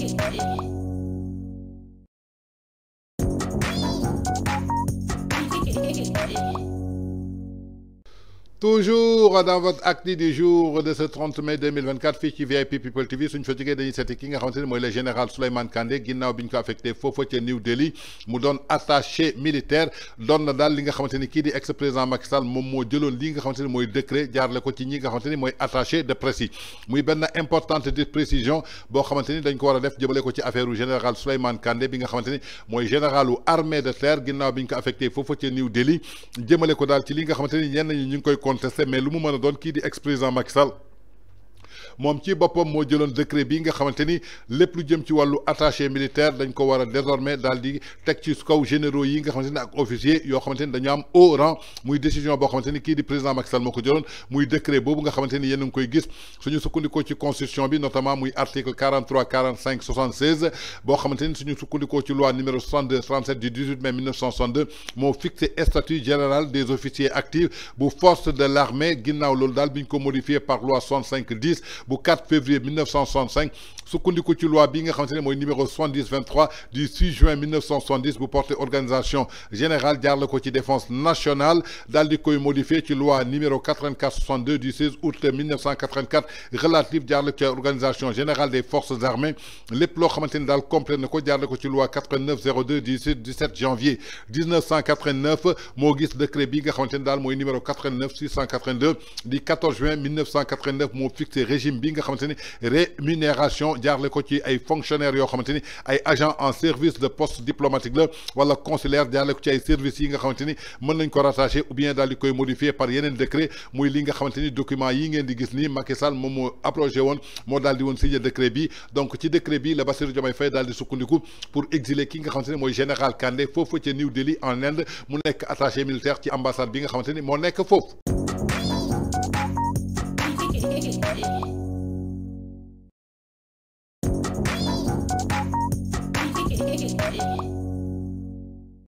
Thank you. toujours dans votre actu du jour de ce 30 mai 2024 fii VIP People TV suñ fa jógee dañuy seeti ki nga xamante ne mooy le général Souleymane Kandé ginnaaw bi ñu ko affecté foofa ca New Delhi mu doon attaché militaire doon na daal li nga xamante ni kii di ex président Macky Sall moom moo jëloon li nga xamante ni mooy décret jaarale ko ci ñi nga xamante ni mooy attaché de presse yi muy benn importante de précision boo xamante ni dañ ko war a def jëmale ko ci affaire u général Souleymane Kandé bi nga xamante ni mooy généralu armée de terre ginnaaw bi ñu ko affecté foofa ca New Delhi jëmale ko daal ci li nga xamante ni ñenn ñi ñu ngi koy contesté mais lu mu mën a doon kii di ex président Macky Mon ci boppam mo jëlone décret bi nga plus lepp qui lu jëm ci walu attaché militaire dañ ko wara désormais dans tek ci généraux yi nga xamanteni ak officiers yo xamanteni dañu am haut rang muy décision bo xamanteni ki di président Macky Sall moko jëlone muy décret bobu nga xamanteni ni ngui koy gis suñu sukkandikoo ci constitution bi notamment muy article 43 45 76 bo xamanteni suñu ci loi numéro 62 37 du 18 mai 1962 mo fixé statut général des officiers actifs bu force de l'armée ginnaw loolu dal biñ ko par loi 65 10 4 février 1965 sous coup loi bi nga loi Bing, numéro 7023 du 6 juin 1970 vous portez organisation générale de ko défense nationale dans le koy modifié Tu loi numéro 8462 du 16 août 1984 relative à l'organisation générale des forces armées Les plots xamante le complet loi 8902 du 17 janvier 1989 Maurice de décret bi nga numéro 89682 du 14 juin 1989 mon fixé régime bi nga xamante ni rémunération jaarle ko ci ay fonctionnaires yoo xamante ay agents en service de poste diplomatique le wala consulaire jaarle ko ci ay services yi nga xamante ni nañ ko rattacher ou bien daal di koy modifier par yeneen décret muy li nga xamante document yi ngeen di gis nii Macky Sall moom moo abrogé woon moo di woon signé décret bi donc ci décret bi la Bassirou Diomaye Faye daal di sukkandiku pour exiler ki nga xamante ni général Kandé foofu ci New Delhi en Inde mu nekk attaché militaire ci ambassade bi nga xamante ni moo nekk Yeah.